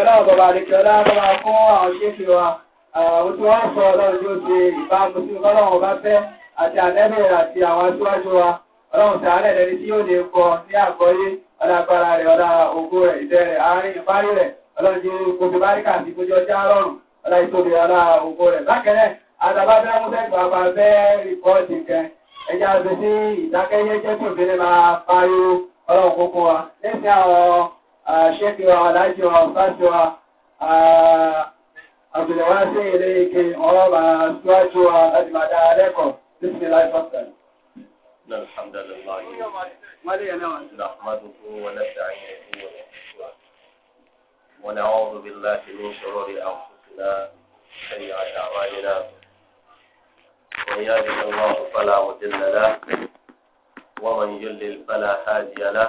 Ọlọ́run bọ̀bá àdìkẹ́ ọlọ́run máa fún àwọn ṣéṣe wa, àwọn tí wọ́n sọ ọlọ́run tí ó ṣe ìbámu sí ọlọ́run bá fẹ́ àti àlẹ́bẹ̀rẹ̀ àti àwọn aṣíwájú wa. Ọlọ́run sàárẹ̀ lẹ́ni tí ó lè kọ ní àgbọ́yé, ọlọ́gbára rẹ̀, ọlá ògo rẹ̀, ìdẹ rẹ̀, àárín ìparí rẹ̀, ọlọ́run jí kò fi báríkà sí kójú ọjà rọrùn, ọlá ìtòbí ọlá ògo rẹ̀. Bákẹ́rẹ́, àtàbábẹ́ mútẹ́ bàbá bẹ́ rìpọ́ọ̀tì kẹ, ẹja àti sí ìdákẹ́yẹ́jẹ́ tó fi lè máa pariwo ọlọ́run kókó wa. Lẹ́sìn àwọn ṣẹ́kẹ̀wà alájíwà fásíwà àbìlẹ̀wáṣẹ́ ilé ike ọlọ́bà síwájúwà láti máa dáa lẹ́kọ̀ọ́ tí sí láìfọ́sàn. الحمد لله نحمده ونستعينه ونستغفره ونعوذ بالله من شرور انفسنا سيئات اعمالنا من يهده الله فلا مضل له ومن يضلل فلا هادي له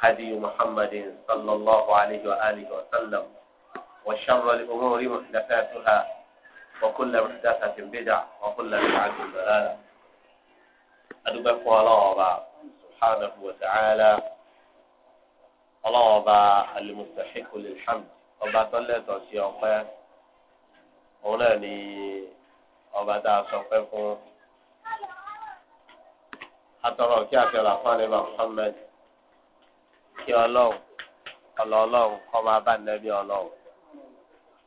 هدي محمد صلى الله عليه وآله وسلم وشر الأمور محدثاتها وكل محدثة بدعة وكل بدعة ضلالة أدبك الله سبحانه وتعالى الله المستحق للحمد ọba tó lẹ́tọ̀ọ́ sí ọpẹ́ òun náà ni ọba tá a sọpẹ́ fún atọ́rọ̀ kí àtẹ̀rọ̀ àfáàní bá Muhammad kí ọlọ́run ọlọ́ọ̀lọ́run kọ́ máa bá nẹ́bí ọlọ́run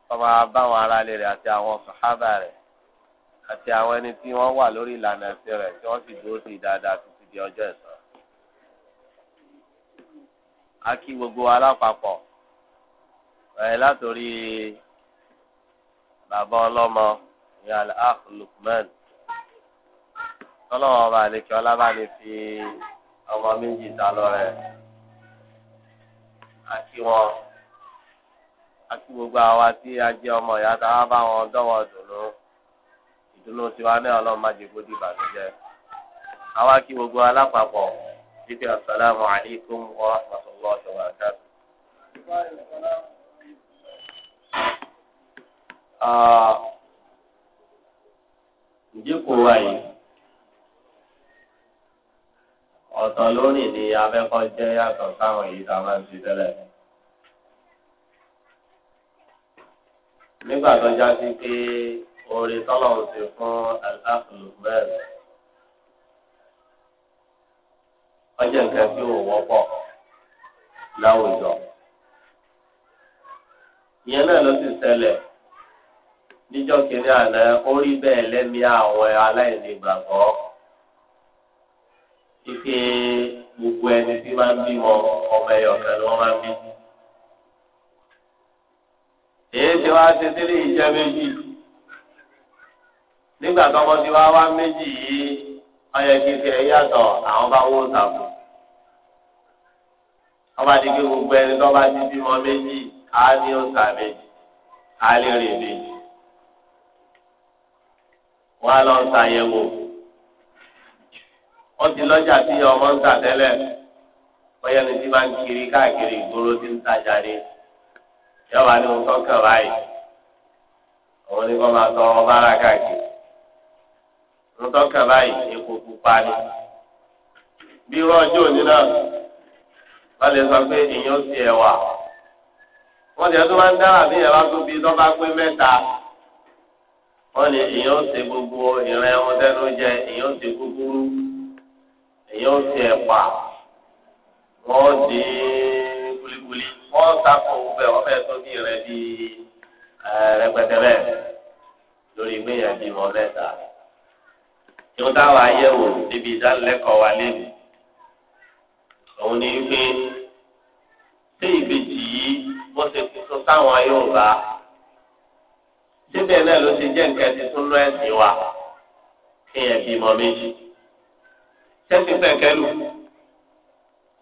kọ́ máa bá àwọn aráalé rẹ̀ àti àwọn sàhábà rẹ̀ àti àwọn ẹni tí wọ́n wà lórí ìlànà ẹ̀sìn rẹ̀ tí wọ́n sì dúró sí dáadáa títí di ọjọ́ ẹ̀san. a kí gbogbo alápapọ̀ ẹ̀ látòrí bàbá ọlọ́mọ ní al tọ́lọ́wọ́ ọba àlekí ọlábàní fi ọmọ méjì ta lọ́rẹ̀. àti wọn àti gbogbo àwa tí a jẹ ọmọ ìyá tá a bá wọn dọ́wọ́ dùnú ìdùnnú tiwa náà má àwa kí gbogbo bíbí asalaamu aleykum wa rahmatulahi wa barakatu. Ah, ǹjẹ́ kò wáyé. ọ̀tọ̀ lónìí ni abẹ́kọ́ jẹ́ yàtọ̀ sáwọn èyí tá a máa ń fi tẹ́lẹ̀. nígbà tó já sí pé oore tọ́lọ̀ ń ṣe fún àlùfáàfù bẹ́ẹ̀ ọjọ́ nǹkan tí ò wọ́pọ̀ láwùjọ. ìyẹn náà ló sì ṣẹlẹ̀ níjọ́ kìnìún àná ó bẹ́ẹ̀ lẹ́mìí àwọn aláìní gbàgbọ́ ike gbogbo ẹni tí máa ń bí wọn ọmọ ẹyọ kan ni wọn máa ń bí. èyí tí wàá ṣe sílé ìjẹ méjì nígbà tọmọ tí wàá wá méjì yìí ọyẹ kí tiẹ àwọn bá wó sàkó. ọba ti gbé gbogbo ẹni tó bá ti bímọ méjì á ní òòsà méjì á lè rìn méjì. wọn á lọ ṣàyẹ̀wò. wọ́n ti lọ́jà tí ọmọ ń tà tẹ́lẹ̀ bóyá ní ti máa ń kiri káàkiri ìgboro tí ń tajà ni yọba ní ohun ni kò máa tọrọ bára káàkiri ohun tó báyìí epo pupa ni bí irú ọjọ́ òní náà lè sọ pé èèyàn ti ẹ̀wà wọ́n máa ń dára bí tó bí pé mẹ́ta èèyàn èèyàn ó ti ẹ̀ pa wọ́n di kulikuli wọ́n sáfò bẹ́ẹ̀ wọ́n fẹ́ tó bí rẹ di rẹpẹtẹ bẹ́ẹ̀ lórí gbéyàn bí wọn mẹ́ta. ìwọ́n táwọn ayẹ̀wò níbi ìdánilẹ́kọ̀ọ́ wa lẹ́nu òun ni pé ṣé ìbejì yìí wọ́n ṣe tuntun sáwọn Yorùbá síbẹ̀ náà ló ti jẹ́ nǹkan tuntun lọ́ẹ̀sìn wa kéèyàn bímọ méjì tẹ́sí pẹ̀kẹ́ lù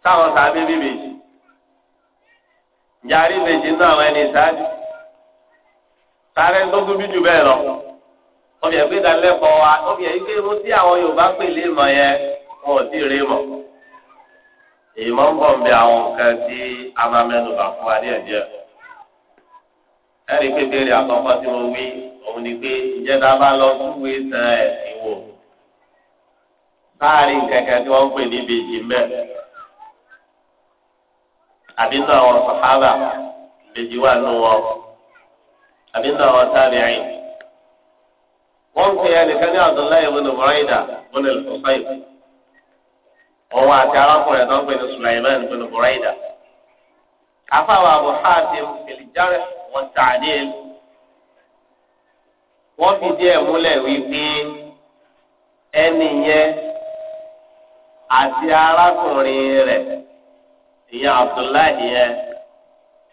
táwọn bíbí yàrá ìbejì náà àwọn ẹni ìsáájú sáré tó tóbi jù lọ wọ́n yẹ pé ìdánilẹ́kọ̀ọ́ wa wọ́n yẹ pé irun tí àwọn Yorùbá pè lé mọ̀ yẹn wọn ò tí rí mọ̀ èyí máa ń bọ̀ ń bẹ àwọn nǹkan tí a máa mẹ́nu bà fún wa díẹ̀ díẹ̀ ẹ̀rí pé béèrè àkọ́kọ́ tí mo wí òun ni pé ìjẹ́ta bá lọ súwèé sàn ẹ̀ ìwò. láàrin kẹ̀kẹ́ tí wọ́n pè níbi ìjìnbẹ́ àbí àwọn sàhábà ìbejì wà nù wọn àbí àwọn tábìrin ya, ń pè ẹnìkan ní Abdullahi ibn Buraida ibn al-Husayb òun àti arákùnrin tó ń pè ní Sulaiman Buraida afáwọn Abu fi díẹ̀ múlẹ̀ wípé àti arákùnrin rẹ̀ ìyá abdullahi yẹn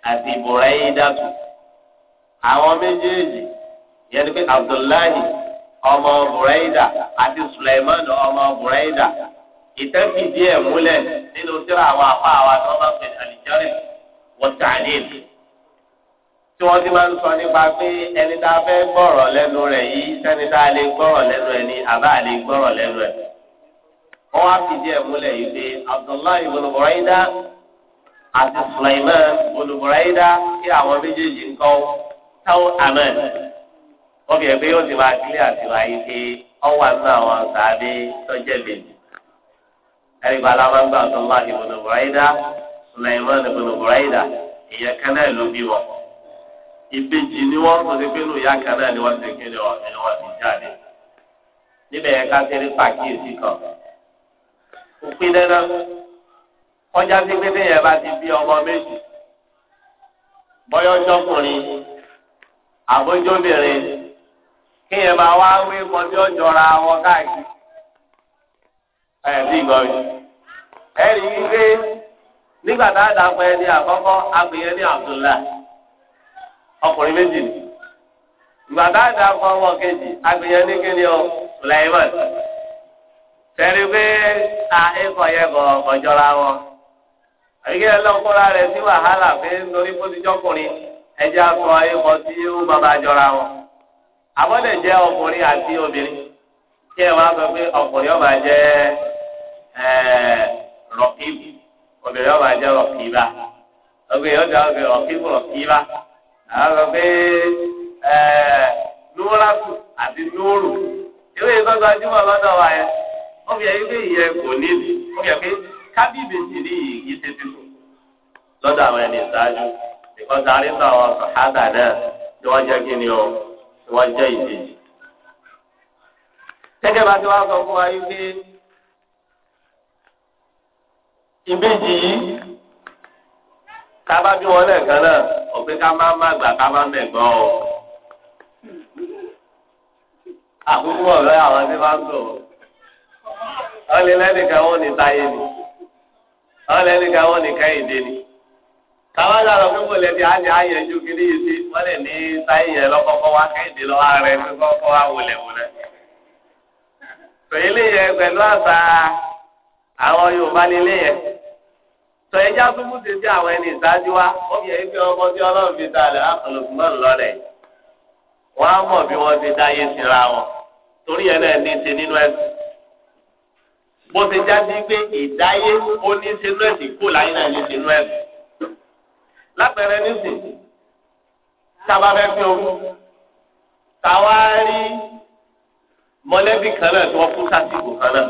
àti ìbùrẹ́yìn dàtú àwọn méjèèjì yẹn ni pé abdullahi ọmọ bùrẹ́yìdà àti suleiman ọmọ bùrẹ́yìdà ìtẹ́fìdí ẹ̀ múlẹ̀ nínú síra àwọn àpá àwa tí wọ́n bá ń pè ní àlìjọ́rẹ̀ wọ́n tàlíl tí wọ́n ti máa ń sọ nípa pé ẹni tá a fẹ́ gbọ́rọ̀ lẹ́nu rẹ̀ yìí sẹ́ni tá a lè gbọ́rọ̀ lẹ́nu ẹ̀ ni àbá a lè gbọ́rọ̀ lẹ́nu ẹ̀ wọ́n wá fìdí ẹ̀ múlẹ̀ yìí pé abdullahi olùbọ̀ráyídá àti sulaiman olùbọ̀ráyídá kí àwọn méjèèjì ń kọ́ táwọn amen wọ́n fi ẹ̀ pé yóò ti máa kílé àti wáyé pé ọwọ́ àti àwọn sàbí tọ́jẹ́ bèbè ẹ̀rí bá alámàgbà abdullahi olùbọ̀ráyídá sulaiman olùbọ̀ráyídá ìyẹn kan náà ló bí wọn ìbejì ni wọ́n sọ pé nù ìyá kan náà ni wọ́n ti kéde ọ̀ ẹni wọ́n ti jáde níbẹ̀ òpin dandan kọjá sí pé téèyàn bá ti bí ọmọ méjì bọ́yọ́ ọjọ́kùnrin àbójóbìnrin kéèyàn máa wá wí kọ bí ọjọ́ra wọn káàkiri ẹ̀ bí ìgbọ́ mi. ẹ rí i pé nígbà tá a dà pẹ́ ní àkọ́kọ́ agbèyẹ kejì ní kíni ọ tẹ̀rí pé à ẹ̀kọ́ yẹn kọ̀ ọ̀jọ́ra wọn. àyíké ẹlọ́kọ́ra rẹ̀ sí wàhálà pé nítorí bó ti jọkùnrin ẹja sọ ẹ̀kọ́ tí ó bàbá jọra wọn. àbọ̀dẹ̀ jẹ́ ọkùnrin àti obìnrin tí ẹ wá sọ pé ọkùnrin ọba jẹ́ rọ̀kìbù obìnrin ọba jẹ́ rọ̀kìbà ọgbẹ́ ọjà ọbẹ̀ rọ̀kìbù rọ̀kìbà àwọn sọ pé núwọ́lásù àti núwọ́lù ewé ìgbàgbọ́ ajúmọ̀ lọ́dọ̀ wa wọ́n fi ẹ̀rí pé ìyẹn kò nílì wọ́n fi ẹ̀rí pé kábíyèsí ní ìyí ṣe tuntun lọ́dọ̀ àwọn ẹni ìṣáájú ìkọ́ta arínú àwọn sàhádà náà tí wọ́n jẹ́ kí ni o tí wọ́n jẹ́ ìdíjì. gẹ́gẹ́ bá ti wá sọ fún wa yìí pé ìbejì yìí kábà bí wọn lẹ́ẹ̀kan náà ọ̀pẹ́ ká má má gbà ká má mẹ̀gbọ́n o. àkókò ọ̀rẹ́ àwọn tí wọ́n ń sọ̀rọ̀. àwọn lè lẹ́nìkan wọn ní táyé ni àwọn lẹ́nìkan wọn ní ni tàwọn àgbà lọ fún mọ̀lẹ́bí àti àyànjú kiri yìí sí wọ́n lè ní táyé yẹn lọ́kọ́kọ́ wá kẹ́hìndé lọ́wọ́ rẹ̀ kọ́kọ́ wá wọlé wọlé. tòyí yẹ àṣà àwọn Yorùbá nílé yẹn tó àwọn ẹni wa fi ọmọ tí fi á bí bó ti jáde pé ìdáyé oníṣẹ́nú ẹ̀sìn kò láyé náà lè ṣẹ́nú ẹ̀sìn. lápẹẹrẹ nísìnyí sábà fẹ́ fi ohun táwa rí mọ̀lẹ́bí kan náà tí wọ́n fún sásìkò kan náà.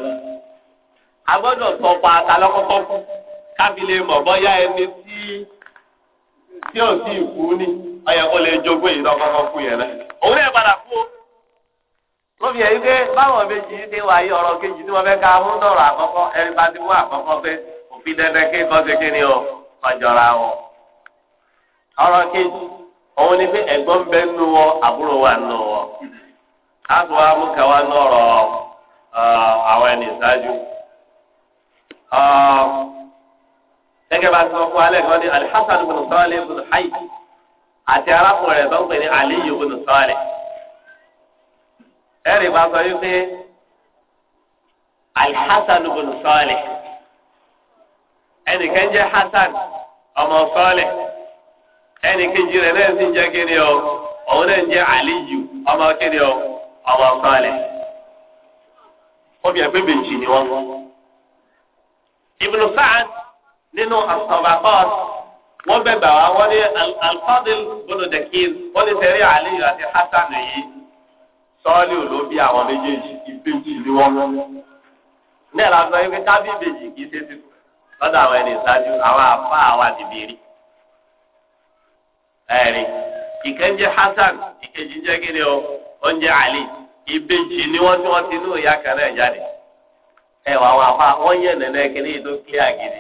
a gbọ́dọ̀ sọ pa àtàlọ́kọ́kọ́ fún kábílẹ̀ mọ̀ bọ́yá ẹni tí tí ò sí ìkú ni ọ̀yẹ̀kọ́ lè jogún ìdánwò kọ́kọ́ fún yẹn náà. òun náà padà kú o. lóbi ẹ̀ wípé báwọn méjì ṣe wà yí ọ̀rọ̀ kejì tí wọ́n fẹ́ ka mú àkọ́kọ́ ẹni bá ti mú àkọ́kọ́ pé òfin ni o wọn. ọ̀rọ̀ kejì òun ni pé ẹ̀gbọ́n nù wà nù wọ. mú kẹwàá àwọn ẹni gẹ́gẹ́ bá ẹ̀rì bá sọ wípé alhassan bin sọ́ọ̀lẹ̀ ẹnìkan jẹ́ hassan ọmọ sọ́ọ̀lẹ̀ ẹnìkejì rẹ̀ náà sì ń jẹ́ o òun náà ń aliyu ọmọ kíni o ọmọ obìnrin pé bèjì ni wọ́n ibùdó sáà nínú asọ̀bàkọ́s wọ́n bẹ̀ bà wá wọ́n ní alfadil bọ́dọ̀ dẹ̀kín wọ́n ní sẹ́rí aliyu àti hassan yìí. sọ́ọ́lì olóbi àwọn méjèèjì ìbejì ni wọ́n. ní ẹ̀ lásán yìí pé ìbejì kì í ṣe ti kù lọ́dọ̀ àwọn ẹni ìṣáájú àwọn àfa àwọn àdìbìrì. ẹ̀rí ìkẹ́ńjẹ Hasan ìkejì jẹ́ o ìbejì ni wọ́n tí wọ́n ti ní òyà kan náà jáde. ẹ wà kílíà gidi.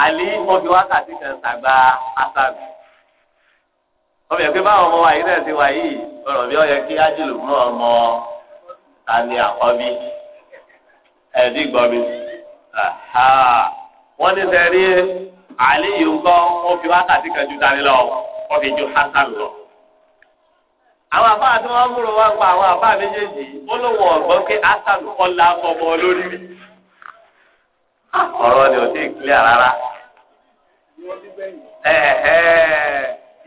àlí wọn fi wákàtí kan sàgbà asábì ọbẹ̀ pé báwọn ọmọ wàyí náà ti wàyí ọ̀rọ̀ bí ó yẹ kí ájìlù mú ọmọ tani àkọ́bí ẹ̀dí gbọ́mi wọ́n ní sẹ́rí àlí yìí ń kọ́ wọ́n fi wákàtí kan ju tani lọ wọ́n fi ju hasan lọ. àwọn àfáà tí wọ́n múlò wá ń pa àwọn àfáà méjèèjì ó lóun ọ̀gbọ́n pé hasan kọ́ la fọmọ lórí rí. ọ̀rọ̀ ni ò tí ì kílíà rárá.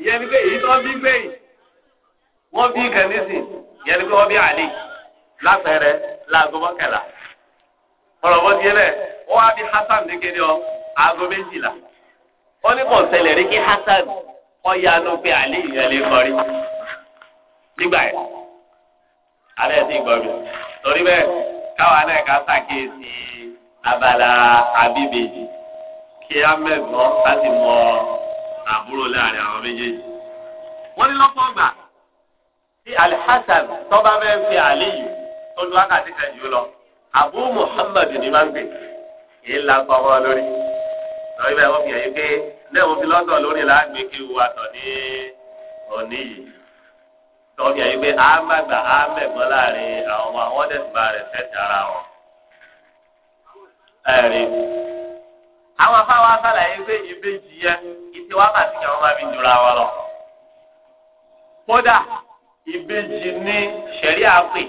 ìyẹn èyí tó bí gbẹ̀yìn wọ́n bí kẹ́mísì ìyẹn ni bí àlè lápẹẹrẹ láago bí Hasan ọ aago méjìlá ó ní kò rí kí Hasan ọ̀yanú pé àlè ìyẹn lè kọrí abala abibeji kí á mẹ́gbọ́n ká sì mọ àbúrò láàrin àwọn méjèèjì. wọ́n ní lọ́pọ̀ ọgbà tí alhassan tọ́ba fẹ́ fi aliyu tó lu wákàtí kan jù lọ abu muhammad ni máa ń gbè èyí la gbọ́mọ lórí. lọ́wọ́ ibà wọ́n fi hàn yín pé lẹ́ẹ̀ mo fi lọ́tọ̀ lórí láàgbé kí wo àtọ̀ ní òní yìí. lọ́wọ́ fi hàn yín pé àmàgbà àmẹ̀gbọ́n láàrin àwọn ọmọ àwọn ọ̀dẹ́sùn bá rẹ̀ fẹ́ ti ara wọn. ẹ̀rí. àwọn afáwa sàlàyé pé ìbejì yẹn ìtì wákàtí kan máa fi dùra wọn lọ. kódà ìbejì ní sẹ̀rí àpè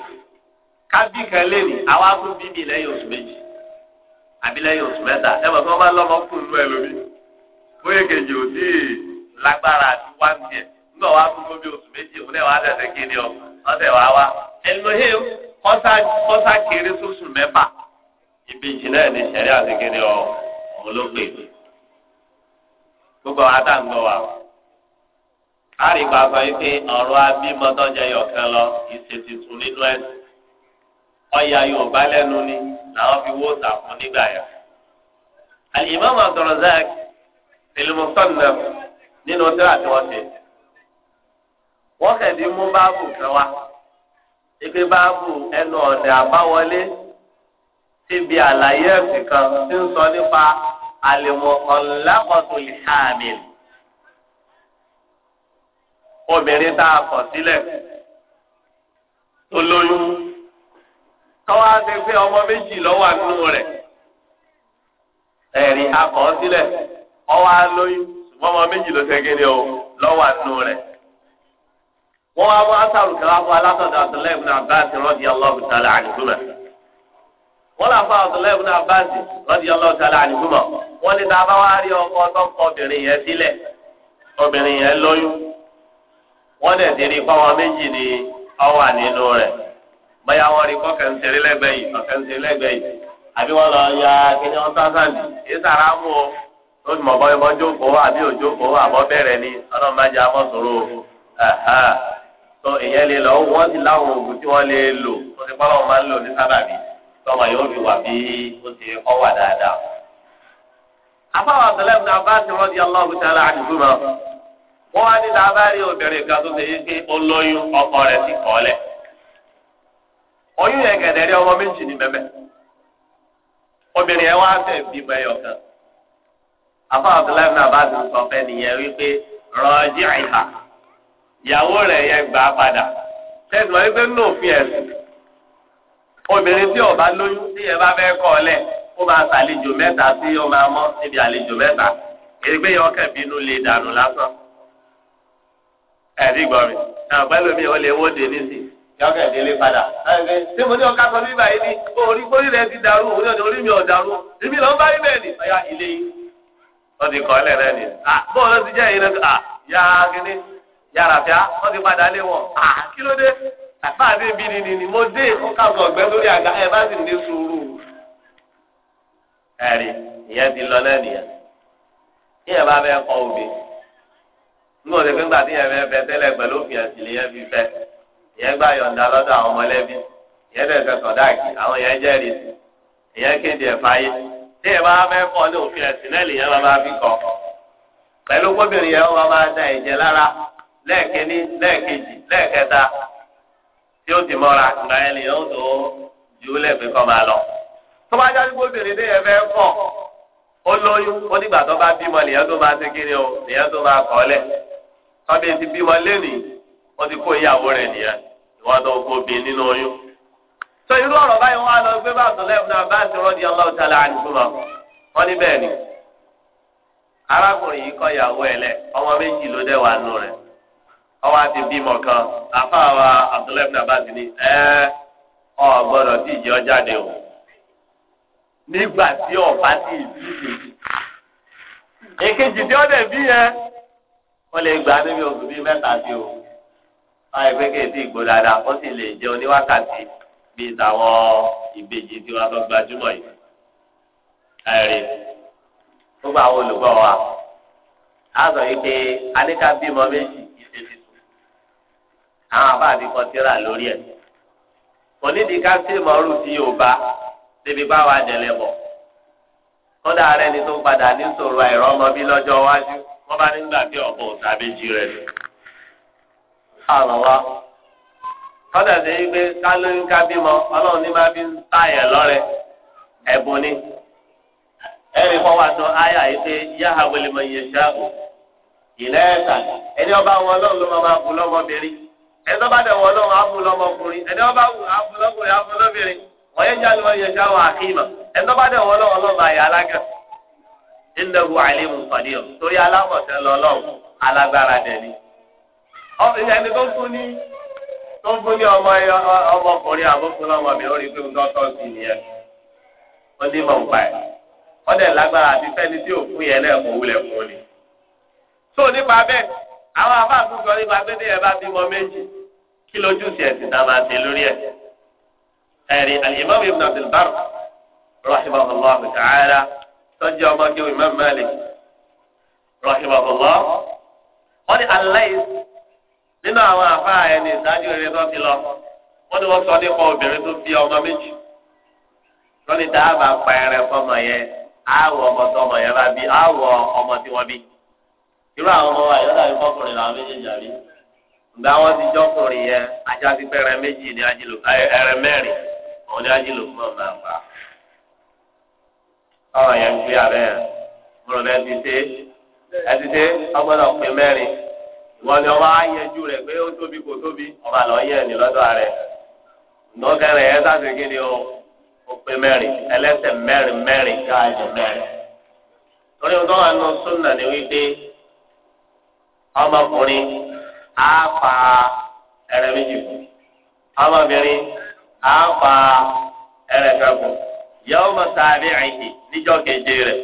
kábí kan lè ní àwa tó bíbí lẹ́yìn oṣù méjì àbí lẹ́yìn oṣù mẹ́ta ẹ bọ̀ wọ́n bá lọ́mọ ẹ lómi bóyá kejì ò lágbára àti nígbà bí oṣù méjì òun náà tẹ̀sẹ̀ ọ ọ̀sẹ̀ wàá wá kọ́sá kéré sóṣù mẹ́fà ìbejì náà ní sẹ̀rí àtìkéde ọ̀ òun ló pè mí. gbogbo àwọn àtàǹgbọ̀ wa a rí pàṣẹ wípé ọ̀rọ̀ abímọ tọ́jà yọ̀kan lọ ìṣètìtún nínú ẹ̀sìn ọ̀yà Yorùbá lẹ́nu ni làwọn fi wó sàfún nígbà yẹn. Al-Imam Abdurrazzaq Al-Musannaf nínú tíra tí wọ́n ṣe mú báàbù kan wá ìpè báàbù ẹnu ọ̀nà àbáwọlé. síbi àlàyé ẹ̀sìn kan tí ń sọ nípa àlèmọ̀ ọ̀làkọ̀tò ìhàmìl. obìnrin tá a kọ̀ sílẹ̀ tó lóyún ti pé ọmọ méjì lọ́wọ́ àánú rẹ̀ ẹ̀rí akọ̀ sílẹ̀ ọwọ́ lóyún ṣùgbọ́n ọmọ méjì ló ṣe kéde o lọ́wọ́ rẹ̀. wọ́n wá wọ́n á sàrùkẹ́ wá fún wọ́n lọ fún Abdullahi ibn Abbas radiyallahu ta'ala wọ́n ní tá a bá wá rí ọkọ tó ń kọ obìnrin yẹn sílẹ̀ obìnrin yẹn lóyún wọ́n dẹ̀ ti rí pàwọn méjì ní ọwọ́ ànínú rẹ̀ bóyá wọ́n rí kọ́ kẹ́ńtẹ́rì lẹ́gbẹ̀ẹ́ yìí ya kíni wọ́n sáfàndì ìsàrà mú o tó ti mọ̀ bọ́yọ̀ bọ́ jókòó àbí òjókòó àbọ̀ ni tọ́mọ yóò fi wà bí ó ti kọ́ wà dáadáa. afáwọn abdullahi ibn abbas radiyallahu ta'ala anhuma wọ́n wá ní lábárí obìnrin kan tó ṣe yí pé olóyún ọkọ rẹ̀ ti kọ́ lẹ̀. oyún yẹn gẹ̀dẹ̀ rí ọmọ méjì ní bẹ́bẹ̀. obìnrin yẹn wá fẹ́ bímọ ẹyọ kan. afáwọn abdullahi ibn abbas sọ fẹ́ nìyẹn wípé rọ́ọ̀jì àìhà ìyàwó rẹ̀ yẹn gbà padà. tẹ́sán wípé nínú òfin ẹ̀sìn obìnrin tí ọba lóyún tí ẹ bá fẹ́ kọ́ ọ lẹ̀ ó máa ṣàlejò mẹ́ta tí ó máa mọ́ níbi àlejò mẹ́ta èrègbè yẹn ọkẹ́ bínú lè dànù lásán. ẹ̀rí gbọ́ mi àgbẹ̀ lómi ò lè wọ́n dé nísì yọkẹ́ délé padà. ṣé mo ní ọkà sọ bí báyìí ni orí orí rẹ ti dàrú òun yóò orí mi ò dàrú ibi ló ń bá ibẹ̀ ni. ọ̀ya ilé yìí wọ́n ti kọ́ ọ lẹ́rẹ́ ni. bóun ló ti jẹ́ ìrẹsì yára kíní wọ́n ti padà lé wọn. kí ló dé? àfáà dé bí nìdí ni mo dé ọkàbọ̀ ọ̀gbẹ́ lórí àga ẹ bá sì ní sùúrù. ẹ̀rí ìyẹn ti lọ náà nìyẹn kí ẹ bá fẹ́ kọ òbí nígbà tó fi ń gbà tí yẹn fẹ́ fẹ́ tẹ́lẹ̀ pẹ̀lú òfin ẹ̀sìn lè yẹn fi fẹ́ ìyẹn gbà yọ̀ǹda lọ́dọ̀ àwọn ọmọlẹ́bí ìyẹn tẹ̀sẹ̀ sọ̀dáàkì àwọn yẹn jẹ́rìí ìyẹn kéde ẹ̀fà yé tí bá fẹ́ kọ ní òfin ẹ̀sìn náà yẹn máa fi kọ pẹ̀lú kóbìnrin yẹn wọ́n máa da ẹ̀jẹ̀ lára lẹ́ẹ̀kíní lẹ́ẹ̀kejì lẹ́ẹ̀kẹta tí ó ti mọ́ra ìgbà yẹn lèyàn ó tó ju lẹ́gbẹ̀ẹ́ kọ́ máa lọ. tó bá jáde gbóbìnrin ní ẹ̀fẹ́ kọ̀ ó lóyún ó nígbà tó bá bímọ lèyàn tó máa ṣe o lèyàn tó máa kọ́ lẹ̀. tọ́bi ti bímọ ó ti kó ìyàwó rẹ̀ nìyẹn ìwọ́n tó nínú oyún. sọ irú ọ̀rọ̀ báyìí wọ́n á lọ gbé ọwọ́ àti bímọ kan àfáàwà abdullahi bin abasi ni ẹ ọ gbọ́dọ̀ tí ìjẹ ọjáde o nígbà tí ọba ti ìlú kejì èkejì tí ó dẹ̀ bí yẹn wọ́n lè gbà níbi oṣù bíi mẹ́ta sí o báyìí pé kéèké ìgbò dáadáa ó sì lè jẹun ní wákàtí bíi tàwọn ìbejì tí wọn lọ gbajúmọ̀ yìí ẹrí gbogbo àwọn olùkọ́ wa a sọ yìí pé aníkà bímọ méjì ìṣèṣì àwọn àbáàdì kan ti rà lórí kò nídìí ká sí ìmọ̀ọ́rù sí yorùbá débi báwa jẹlẹ̀ bọ̀ kódà rẹ ni tó ń padà ní sòrò àìrọ́ ọmọ bí lọ́jọ́ wájú. wọ́n bá nígbà bí ọ̀pọ̀ òsàbẹ́jì rẹ̀ ni. kódà ṣe yí pé ká bímọ ọlọ́run ní ń táyẹ̀ lọ́rẹ̀ ẹ̀bùn ni sọ ọba wọn ọlọ́run ló máa ẹ̀tọ́ bá dẹ̀wọ̀ lọ́wọ́ abúlọ́mọkùnrin ẹ̀tọ́ bá wù abúlọ́kùnrin abúlọ́bìnrin wọ́n yẹ jáde wọ́n yẹ jáwọ́ bá dẹ̀wọ̀ lọ́wọ́ lọ́wọ́ alágẹ̀ pàdé ọ̀ torí alágbára dẹ̀ni. ẹni tó fún tó fún ọmọ ọmọkùnrin mi ó rí pé kí lójú sí ẹ̀sìn tá a máa ṣe lórí ẹ̀. ẹ̀rí al-Imam Ibn Abdul Barr rahimahullah ta'ala tọ́jú ọmọ kí o Imam Malik rahimahullah wọ́n ní aláìs nínú àwọn àfáà ẹni ìsáájú rere tó ti lọ wọ́n ní wọ́n sọ nípa obìnrin tó bí ọmọ méjì wọ́n ní dáàbà pa ẹrẹ̀ fọmọ yẹn àwọ̀ ọmọ tọmọ yẹn bá bí àwọ̀ ọmọ tí wọ́n bí irú àwọn ọmọ wa yọ̀dà ìfọkùnrin làwọn méjèèjì àrí. gba wọn ti jọkùnrin yẹn ajá ti pẹ méjì ní ajílò ẹrẹ ajílò fún ọmọ àgbà yẹn ń gbé abẹ yẹn bẹ ti ẹ ti pé ni ọba rẹ pé ó tóbi kò tóbi ọba lọ yẹ rẹ yẹn o ó pé torí wọn tó wà nù súnà ni wípé ọmọkùnrin. á fa ẹrẹ méjì kù ọmọbìnrin á fa ẹrẹ kẹkù yàwó mọ̀sáàbí àìsí níjọ́ keje rẹ̀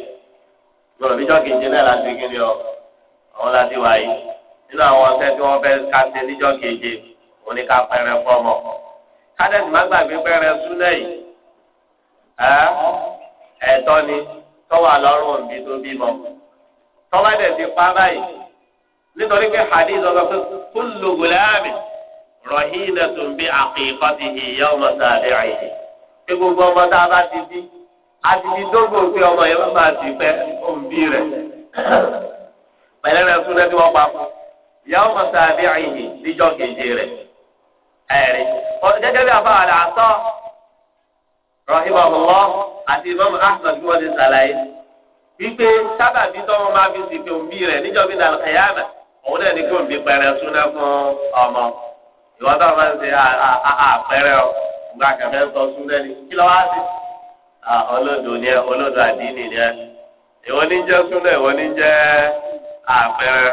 gbọ́dọ̀ níjọ́ keje náà láti kíni ọ àwọn láti wáyé nínú àwọn ọ̀sẹ̀ tí wọ́n fẹ́ ká ṣe níjọ́ keje òun fọmọ kádẹ́sì má gbàgbé pẹrẹ súnlẹ̀ yìí ẹ̀ẹ́dọ́ ni tọ́wọ́ àlọ́rùn òbí tó bímọ tọ́wọ́ dẹ̀ ti pa báyìí. nítorí pé hadith ọ̀sán pé kullu gùlámì rọ̀hínà tó bí àkìkọ́tì ìyá ọmọ sàdé àìsí. pé gbogbo ọmọ tá a bá ti a ti di dógò pé ọmọ yẹn bá ti fẹ́ òǹbí rẹ̀. pẹ̀lẹ́ rẹ̀ tún lẹ́tí wọ́n pa fún ìyá ọmọ níjọ́ keje rẹ̀. ẹ̀rí gẹ́gẹ́ bí àtọ́ àti wọ́n ti sàlàyé wípé tọ́wọ́ máa fi òǹbí rẹ̀ níjọ́ bí òun náà ní kí òun fi pẹrẹ súná fún ọmọ ìwọ́n tó máa ń ṣe àpẹrẹ ọ ìgbà kẹfẹ sọ súná ni kí lọ́wọ́ á sí. olódò ni ẹ olódò àdínì ni ẹ ìwọ ní jẹ súná ìwọ ní jẹ àpẹrẹ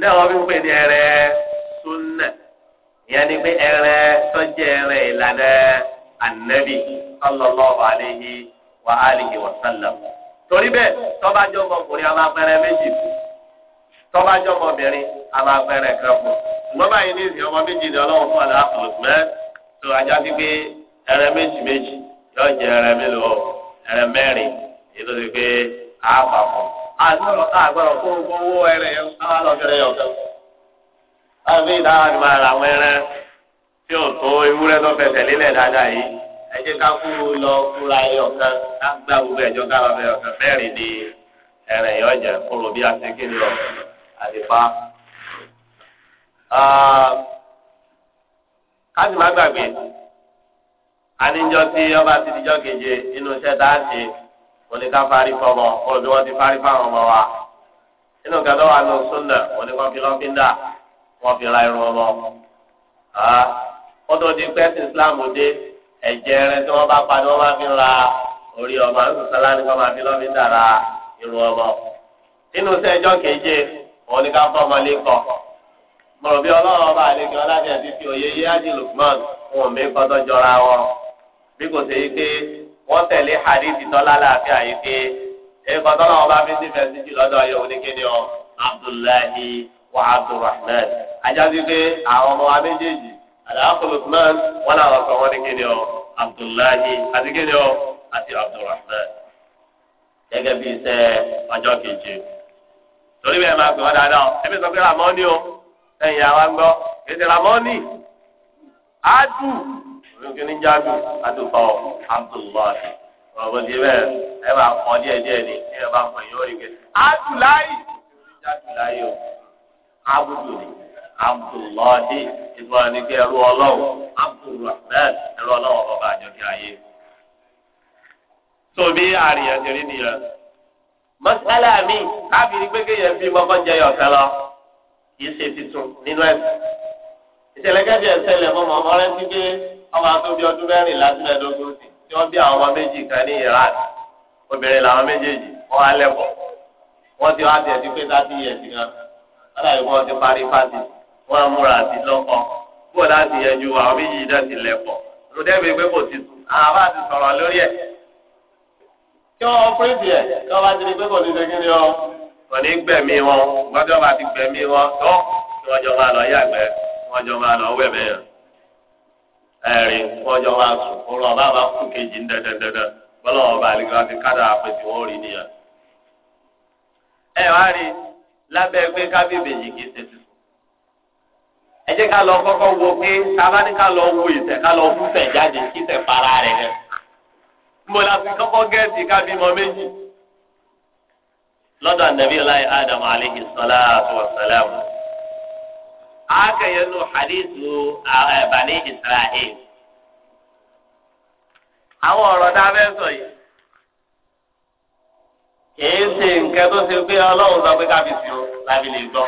náà wọ́n fi ń pè ní ẹrẹ súná ìyẹn ni pé ẹrẹ tọ́jú ẹrẹ ìlànà ànábì sallallahu alaihi wa alihi wa sallam torí bẹ́ẹ̀ tọ́bajọ́ ọmọkùnrin ọmọ apẹrẹ méjì fún. tọ́bájọ́ ọmọbìnrin a kan fún ṣùgbọ́n báyìí ní ìsìn ọmọ méjì ni ọlọ́run fún àlá ọ̀sùnmẹ́ tó ajá sí pé ẹrẹ méjì méjì yóò jẹ ẹrẹ mélòó ẹrẹ mẹ́rin èyí tó ti pé àáfà fún. àgbọ̀rọ̀ àgbọ̀rọ̀ kó owó ẹrẹ yẹn káwá yọ̀ àbí máa ra àwọn ẹrẹ tí ká kú lọ kan ká gbà gbogbo ká lọ ẹrẹ kúrò bí a ti kí ni lọ. àdìpá. Ah, káàsì má gbàgbé aníjọ tí ọba ti dijọ keje inú iṣẹ́ tá a ṣe òní ká fárí fọmọ kó bí wọn ti fárí fáwọn ọmọ wa inú gàdọ wa ló súnà òní wọn fi lọ́fíńdà wọn fi ra irun ọmọ wọn ah, tó di pẹ́sì islam dé ẹ̀jẹ̀ rẹ tí wọ́n bá pa ni wọ́n máa fi ra orí ọmọ àti sàlá ni wọ́n máa fi lọ́fíńdà ra irun ọmọ inú sẹ́jọ́ keje. òun ni ká fọmọ lé kọ mọ̀rọ̀ bí ọlọ́run ọba àlejò ọlábẹ́ àti fi òye yé ájì lukman fún òun méjì kọ́tọ́ jọra wọn bí kò ṣe pé wọ́n tẹ̀lé hadith láàfin àyè pé wọn bá fi sí jù abdullahi wa abdulrahman ajáde pé àwọn ọmọ wa méjèèjì lukman wọn làwọn sọ wọn ọ abdullahi àti kéde ọ àti abdulrahman gẹ́gẹ́ bí iṣẹ́ torí bẹ́ẹ̀ máa gbọ́ dáadáa ẹbí sọ pé ramoni o ẹ̀yìn àwa gbọ́ èsì ramoni adu olùkí ní jáde adùbọ̀ abdullahi ọ̀rọ̀ ti bẹ́ẹ̀ ẹ máa kọ́ díẹ̀ díẹ̀ ní ẹ máa kọ́ yóò rí pé adùláyì adùláyì o abudu ni abdullahi ìgbà ni kí ẹrú ọlọ́wọ́ abdulrahman ẹrú ọlọ́wọ́ ọba mọ́sálà mi kábìrì pé kéèyàn bí mọ́kànjẹ yọ̀ ọ̀sẹ̀ lọ kìí ṣe tuntun nínú ẹ̀sìn. ìṣẹ̀lẹ̀ kẹ́fì ẹ̀sẹ̀lẹ̀ mọ́ mọ́ ọ̀rẹ́ ti gbé ọmọ àtúndì ọdún mẹ́rìnlá sí mẹ́ẹ̀ẹ́dógún sí tí wọ́n bí àwọn ọmọ méjì kan ní Iran obìnrin làwọn méjèèjì wọ́n á lẹ́bọ̀ wọ́n ti wá tiẹ̀ ti pé thirty years gan aláì wọ́n ti parí fásitì wọ́n á múra àti lọ́kọ̀ bó láti yẹjú àwọn méjì náà ti lẹ́pọ̀ lódẹ́gbẹ̀ẹ́ pé kí wọ́n pín ẹ kí wọ́n bá ti di pé ní ṣe ọ ní gbẹ̀mí wọn gbọ́dọ̀ bá ti gbẹ̀mí wọn tó kí wọ́n jọ máa lọ kí wọ́n jọ máa lọ wẹ̀ kí jọ máa sùn kó bá kú kejì wọn bá àlejò àti ẹ wá rí lábẹ́ yìí kì í para rẹ̀ mo la fi kọ́kọ́ gẹ́ẹ̀tì ká bímọ méjì lọ́dọ̀ ànábì láì ádámù alayhi salatu wa salam akẹyẹ nù hadithu bani israel àwọn ọ̀rọ̀ tá a fẹ́ sọ yìí kìí ṣe nǹkan tó ṣe pé ọlọ́run sọ pé káfí sí o láfi lè gbọ́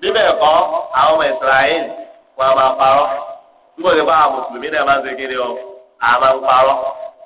bíbẹ̀ kọ́ àwọn ọmọ israel wọn a máa parọ́ níbo ni bá mùsùlùmí náà máa ń ṣe kiri o àwọn máa ń parọ́.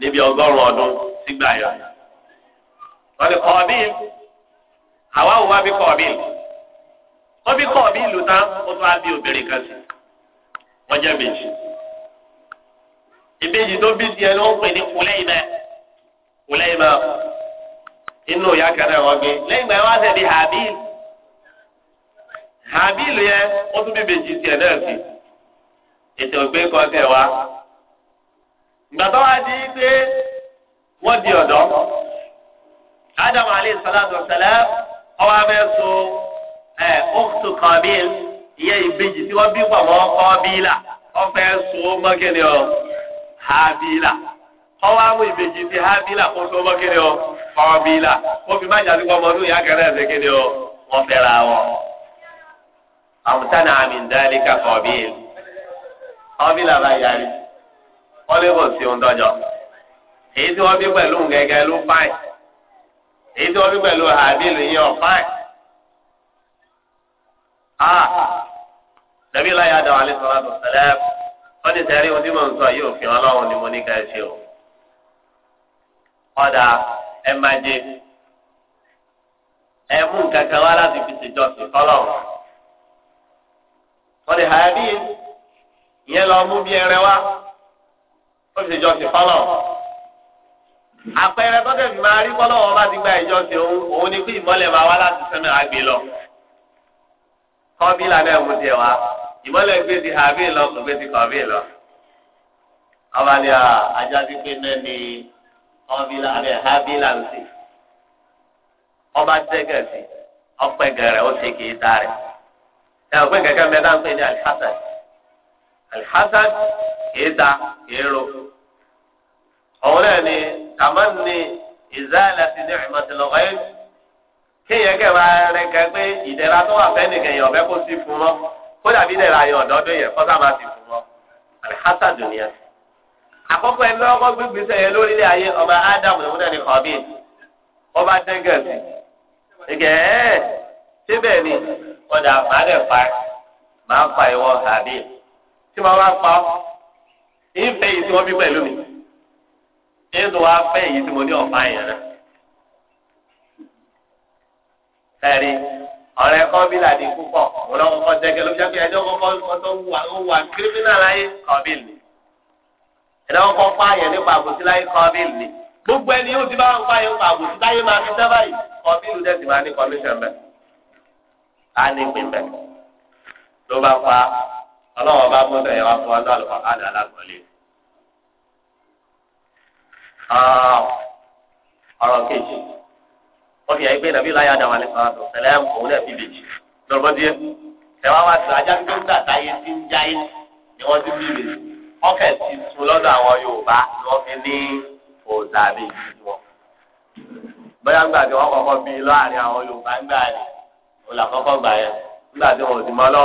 níbi ọgọ́rùn-ún ọdún sígbà yẹn. wọ́n ní kọ́ọ̀bíìn àwa ò wá bí kọ́ọ̀bíìn wọ́n bí kọ́ọ̀bíìn lù tán ó tún á bí obìnrin kan sí wọ́n jẹ́ méjì. ìbejì tó bí tiẹ̀ ló ń pè ní inú ìyá wọn gbé lẹ́yìn ìgbà yẹn wọ́n á yẹn ó tún bí méjì tiẹ̀ náà sí ètò ìgbé kan gbàtọ́ wa di pé wọ́n di ọ̀dọ́ Adam alayhi salatu wa salam ọwọ́ abẹ́ so ẹ̀ ọ̀tún bí so Habila ti Habila kó so má àmì bá wọ́n sí ohun tọ́jọ́ èyí tí wọ́n bí pẹ̀lú gẹ́gẹ́ ló fáìn èyí tí wọ́n bí pẹ̀lú àbílù yẹn ọ̀ fáìn. a nàbí láyà dáwọn alẹ́ sọ́lá tó wọ́n ní sẹ́rí ohun tí mò ń sọ yìí ni mo ní ká ẹ ẹ fi ṣèjọ́sìn fọlọ́run. lọ mú bí ẹrẹ ó sì jọ́sìn fọlọ́ àpẹẹrẹ tọ́tẹ̀ fi máa rí fọlọ́wọ́ bá ti gba ìjọsìn òun ni pé ìmọ́lẹ̀ máa wá láti sẹ́mi àgbè lọ kọ́bílà náà mú tiẹ̀ wá ìmọ́lẹ̀ gbé ti àbí lọ kò gbé ti kọ́bí lọ ọba ni ajá ti ọba tẹ́gẹ̀ ọpẹ́ gẹ̀rẹ́ ó ṣe kì í ẹ̀ alhasad kéta kéèrò òun náà ni tàmánì ìzáàlà ti ní ìmọ̀tìlọ́wọ́ yìí kéèyàn kẹwàá rẹ kẹ pé ìdẹ̀ra tó wà fẹ́ẹ́ nìkan yẹn ọ̀bẹ kó sí fún wọn kó dàbí ìdẹ̀ra yẹn ọ̀dọ́dún yẹn kọ́sà máa sì fún wọn alhasad nìyẹn àkọ́kọ́ ẹni lọ́kọ́ gbígbèsè yẹn lórílẹ̀ ayé ọba ádámù lòun náà ní kọ́bí ọba dẹ́gẹ̀ẹ́sì ìgẹ̀ ẹ́ síbẹ̀ ni ọ̀dà màá dẹ̀ fa màá fa ìwọ àbí tí màá wá pa ọ́ ìfẹ́ yìí tí wọ́n bí pẹ̀lú mi nínú wa fẹ́ yìí tí mo ní ọ̀pá yẹn náà. ẹ̀rí ọ̀rẹ́ kọ́bílà di púpọ̀ mo lọ́wọ́ kọ́ jẹ́gẹ́ ló jẹ́ pé ẹjọ́ kọ́kọ́ tó wà ó wà kírímínà láyé kọ́bíl ni. ẹ̀dá wọn kọ́ pààyàn nípa àbòsí láyé kọ́bíl ni. gbogbo ẹni yóò ti bá wọn pààyàn nípa àbòsí láyé máa fi dá báyìí kọ́bíl dẹ̀ sì máa ní kọ́míṣọ̀n bẹ́ẹ̀. a ní ìpín ló bá pa ọlọ́wọ́n bá gbọ́dọ̀ yẹ wá fún wa lọ́wọ́ àlùfáàdà alágbọ̀lé. Ah, ọ̀rọ̀ kejì wọ́n fi àyíkpé nàbí láyé àdàwọn àlẹ́ sọ̀rọ̀ tó tẹ̀lé òun fi lè lọ́rọ̀ díẹ̀ tẹ̀wá wá sí ajá tó ń dàtà yé tí ń já ni wọ́n ti fi lè ọkẹ́ ti sun lọ́dọ̀ àwọn Yorùbá ni wọ́n fi ní òòtà àbí wọn. bóyá ńgbà tí wọ́n kọ́kọ́ bí láàrin àwọn Yorùbá ńgbà yẹn òun làkọ́kọ́ gbà yẹn ńgbà tí wọn ò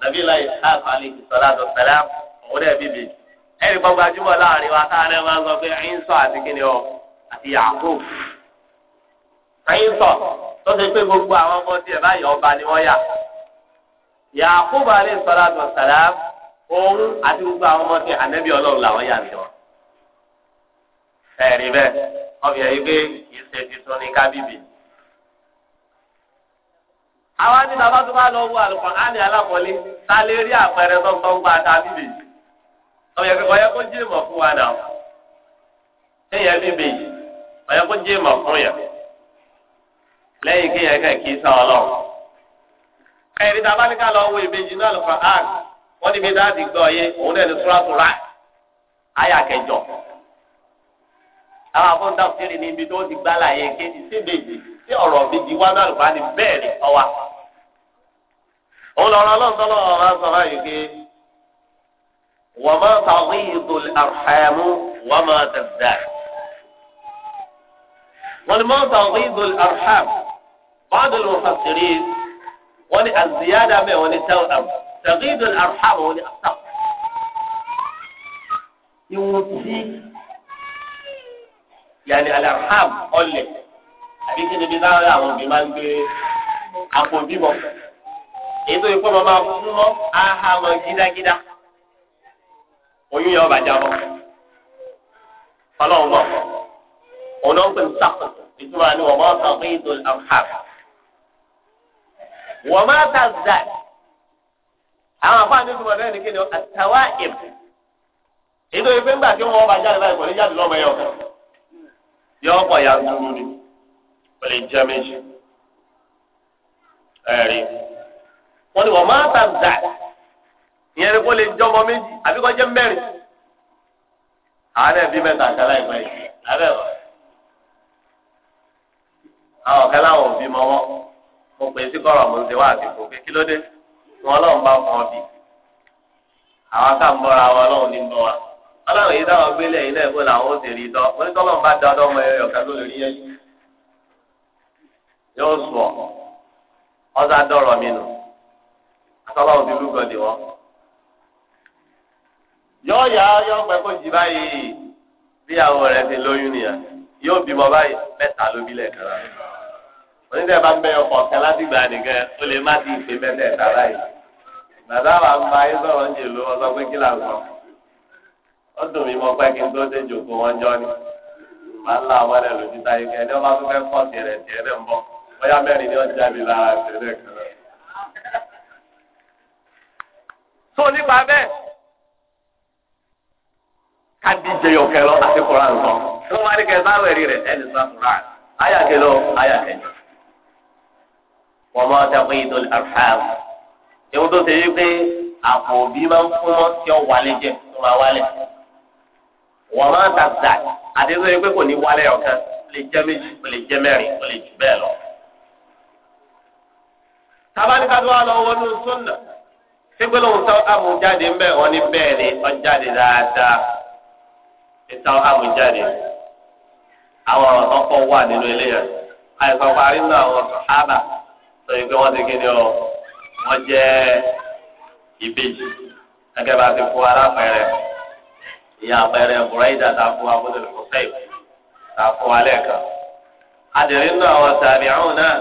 nàbí láì sáàfù aleyhi sọláàtọ̀ sẹlẹm òun dẹ̀ bíbí ẹnì kan gbajúmọ̀ láàrin wa táwọn máa ń sọ pé ẹyin sọ àti kíni ọ àti yàgò ẹyin sọ tó ṣe pé gbogbo àwọn ọmọ tiẹ̀ báyìí ọba ni wọ́n yà yàgò aleyhi sọláàtọ̀ sẹlẹm òun àti gbogbo àwọn ọmọ tiẹ̀ ànẹ́bí ọlọ́run làwọn yà ní wọn. ẹ̀rí bẹ́ẹ̀ ọbẹ̀ yìí pé ìṣèjì tún ní kábíbí. awa ní bàbá tó bá lọ wọ àlùkùránì alákọ̀ọ́lé ta lè rí àpẹẹrẹ tọ́gbọ́n gba ta bíbè ọ̀yẹ̀ kò ọ̀yẹ̀ kó jẹ́ fún wa náà kéèyàn bíbè ọ̀yẹ̀ kó jẹ́ fún yẹn lẹ́yìn kéèyàn kí sá ẹ̀rí ní ká lọ wọ ìbejì náà wọ́n dáàdì gbọ́ yé òun náà ní àwọn ní ibi tó ti gbá láàyè sí ọ̀rọ̀ wá náà òun lọ́rọ̀ ọlọ́ọ̀tọ́ lọ́wọ́ máa ń sọ báyìí pé wọ́n máa tàwé ìdòl àrùhàmù wọ́n máa tẹ̀síà. wọ́n ní máa tàwé ìdòl àrùhàmù báńdì ló fà sírí wọ́n ní àzìyáda mẹ́ wọ́n ní tàwé ìdòl àrùhàmù wọ́n ní àtàw. ìwọ̀n tí yàní àlàrùhàmù ọ̀lẹ̀ àbí kí ni bí náà àwọn òbí máa ń gbé àpò bíbọ̀ èyí tó yẹ kó bàbá fún mọ́ aha lọ gídágídá oyún yẹn ọba jábọ́ ọlọ́run bọ̀ òun náà ń pè ń sàkó ìtumọ̀ àni wọ́n máa sàkó ìdò àfàr wọ́n máa ta zà àwọn afọ àti ìtumọ̀ bẹ́ẹ̀ ni kí ni àtàwá ìm èyí ńgbà tí wọ́n ọba jáde báyìí kò ní jáde lọ́mọ yẹn ọ̀kan yọ ọ̀pọ̀ ya ń dúró ni wọ́n lè jẹ́ méjì ẹ̀rí. wọ́n ní wọ́n máa tà zà ìyẹn ni kò lè jọ ọmọ méjì àbí kọjá mẹ́rin àárẹ̀ bí mẹ́ta àkàlà ìgbà yìí àárẹ̀ wọ̀ àwọn ọ̀kẹ́ láwọn òbí mọ wọ́n mo pè sí kọ́rọ̀ mo wá àsìkò pé kí ló dé wọn bá àwọn ká ń bọ́ra wọn ní táwọn gbélé yìí náà làwọn ó sì rí ní bá da àtọ́lá òbí dị wọ́n. yọ ya yọ pẹ kó jí báyìí bíyàwó rẹ ti lóyún nìyẹn yóò bímọ báyìí mẹ́ta ló bí lẹ́ẹ̀kan rà onídẹ̀ bá ń bẹ láti gbà nìkan ó lè má ìpè báyìí bàbá wa ń ba ayé sọ̀rọ̀ ń jèlò ọ̀sọ́ pé kí là sọ ó dùn mí mọ pé kí n tó dé jòkó wọn jọ ni máa ń la àwọn ẹlòmí kẹ ẹni ọba tó tó nípa bẹ́ẹ̀ káàdì jẹyọ kẹlọ àti kura nǹkan tó wá ní kẹsàn án wẹrí rẹ ẹni sọ kura ayàkẹlọ ayàkẹjọ wọn máa dàgbé ìdọlẹ àrùfáàmù ewu tó ṣe wípé àpò òbí máa ń fún wọn tí ó wálé jẹ tó máa wálé wọn máa ń tàgbà àti sọ wípé kò ní wálé ọ̀kan lè jẹ méjì kò lè jẹ mẹ́rin kò lè jù bẹ́ẹ̀ lọ. tábàlì ká tó wà lọ wọnú sunna. sígbélóhùn tó amújáde ń ní bẹ́ẹ̀ ọjáde dáadáa ìtàn amújáde àwọn ọ̀rọ̀ wà nínú ilé yẹn àìsàn parí nínú sọ pé wọ́n ti kéde ọ wọ́n ìbejì bá ti fún ìyá bùrẹ́dà tá a fún wa tá a fún wa adìrín àwọn náà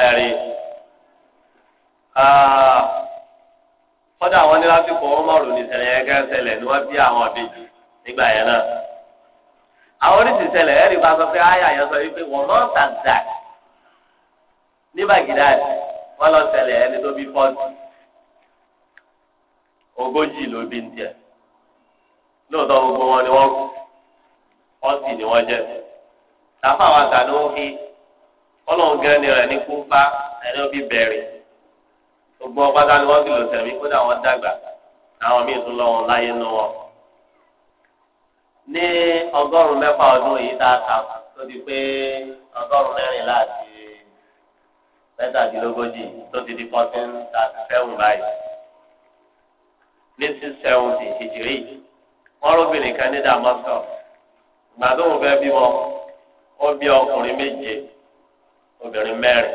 ẹ̀rí ah, kọ́dà àwọn ní lásìkò wọn mọ̀rò ní ṣẹlẹ̀ yẹn gẹ́gẹ́ ṣẹlẹ̀ ni wọ́n bí àwọn ọ̀bẹ́jì nígbà yẹn náà. àwọn oríṣi ṣẹlẹ̀ ẹ̀rí bá sọ pé àyà yẹn sọ wípé wọ́n mọ̀ tàǹtà ní wọ́n lọ ṣẹlẹ̀ ẹni tó bí fọ́ọ̀tì ogójì ló bí ń tiẹ̀ lóòótọ́ gbogbo wọn ni wọ́n kú fọ́ọ̀tì ni wọ́n jẹ́ wọn ló ọlọ́run gẹ́gẹ́ ni rẹ̀ ní kó bá ẹni ó bí bẹ̀rẹ̀ gbogbo ọgbàdá ni wọ́n ti lò sẹ̀mí kódà wọ́n dàgbà àwọn míì tún lọ́wọ́ láyé nù wọn. ní ọgọ́rùn-ún mẹ́fà ọdún yìí tá a kà tó di pé ọgọ́rùn-ún mẹ́rin láti mẹ́tàdínlógójì tó ti di fourteen thirty seven báyìí ní six seventy hijiri wọ́n rúbìnrin kan ní Damascus gbàdúrà fẹ́ bímọ ó bí ọkùnrin méje. obìnrin mẹ́rin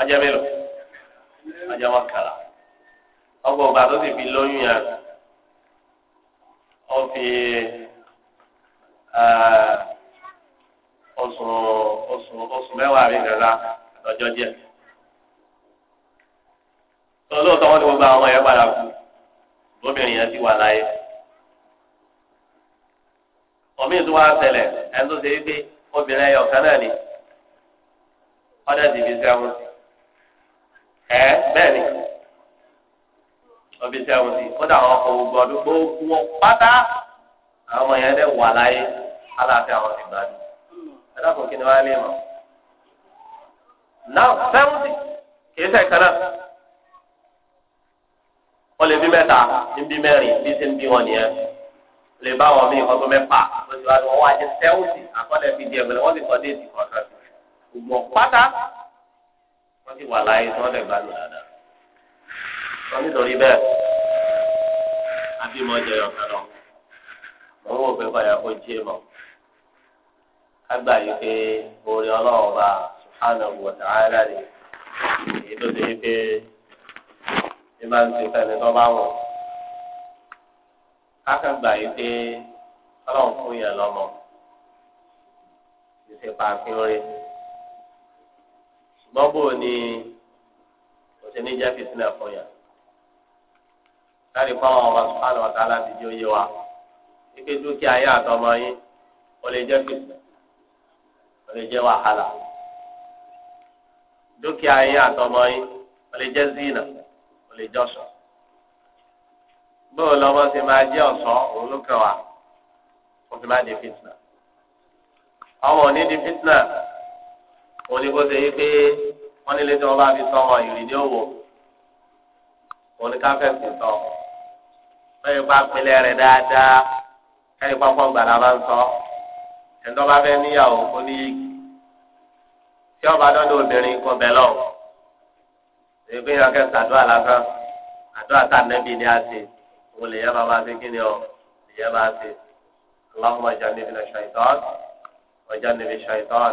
ọjọ́ mélòó ọjọ́ mọ́kànlá ọgbọ ọba tó ti fi lóyún yẹn ó fi eh, oṣù oṣù oṣù mẹ́wàá rí nàlá àtọjọ́ díẹ̀ tọ́lọ́tọ́ wọn ni gbogbo àwọn padà kú yẹn ti wà láyé omi ìtura ẹni tó ṣe é ni. ọdẹ di ibi sẹwọn sí ẹ bẹ́ẹ̀ ni ọbi sẹwọn sí kódà àwọn ọkọ gbogbo ọdún gbogbo pátá àwọn ọmọ yẹn dẹ wà láyé aláàfin àwọn ti gbádùn ẹ dákun kí ni wọn lè mọ náà sẹwọn sí kìí sẹ kan náà wọn lè bí mẹ́ta ń bí mẹ́rin bí ti ń bí wọn nìyẹn lè bá wọn mí ọdún mẹ́fà lọsibàdàn wọn wá jẹ sẹwọn sí àkọọlẹ fi di ẹgbẹrẹ wọn sì kọ déètì kọkàn sí gbogbo pátá wọ́n ti wà láyé tí wọ́n lè gbádùn dáadáa. wọ́n nítorí bẹ́ẹ̀ abímọ jẹ ọ̀kan náà mo ń wò pé báyà kó jí èèmọ̀ kágbà pé orí ọlọ́run bá subhanahu wa ta'ala ni èyí tó ṣe pé bí máa ń ṣe fẹ́ni tó bá wọ̀ kákàgbà yìí pé ọlọ́run fún yẹn lọ́mọ ìṣèpàfin rẹ̀ mọ́bò ni òṣè ní jẹ́ fìsínà fún yà láti fáwọn ọmọ sùpánù ọ̀tá láti jẹ́ òye wa ike dúkìá yá àtọmọ yín ó lè jẹ́ fìsínà ó lè jẹ́ wàhálà dúkìá yín àtọmọ yín ó lè jẹ́ zina ó lè jẹ́ ọ̀ṣọ́ bóò lọ́mọ ti máa jẹ́ ọ̀ṣọ́ òun ló kẹwàá ó fi máa di fìsínà ọmọ ò ní di fìsínà òun ni kó ṣe yí pé wọ́n nílé tí wọ́n bá fi sọ ọmọ ìrìndí òwò òun ni káfẹ́ǹsì sọ wọ́n yẹ kó apilẹ̀ rẹ̀ dáadáa káyọ̀ pápọ̀ gbàdá bá ń sọ ẹ̀ńtọ́ bá fẹ́ níyàwó kó ní yìí tí ọba dọ́dọ̀ obìnrin kò bẹ̀ lọ èyí pé yọkẹ́ sàdúrà lásán àdúrà tá nẹ́bí ni a ṣe òun lè yẹ bàbá ṣe kí ni ọ lè yẹ bá ṣe. اللهم اجعلني من الشيطان واجعلني من الشيطان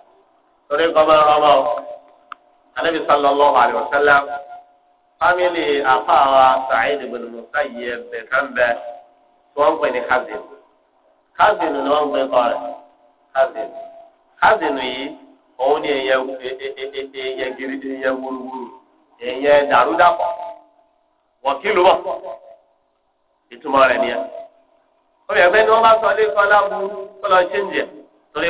torí gbọ́mọ ọmọ anabi sallallahu alayhi wa sallam fámìlì àfàwà sa'id ibn musayyib bẹ̀kánbẹ tí wọ́n ń pè ní hazin hazin ni wọ́n ń pè yìí òun ni èèyàn èèyàn èèyàn dàrúdàpọ̀ bọ̀ ìtumọ̀ rẹ̀ nìyẹn. ó yẹ pé ní wọ́n bá sọ ilé torí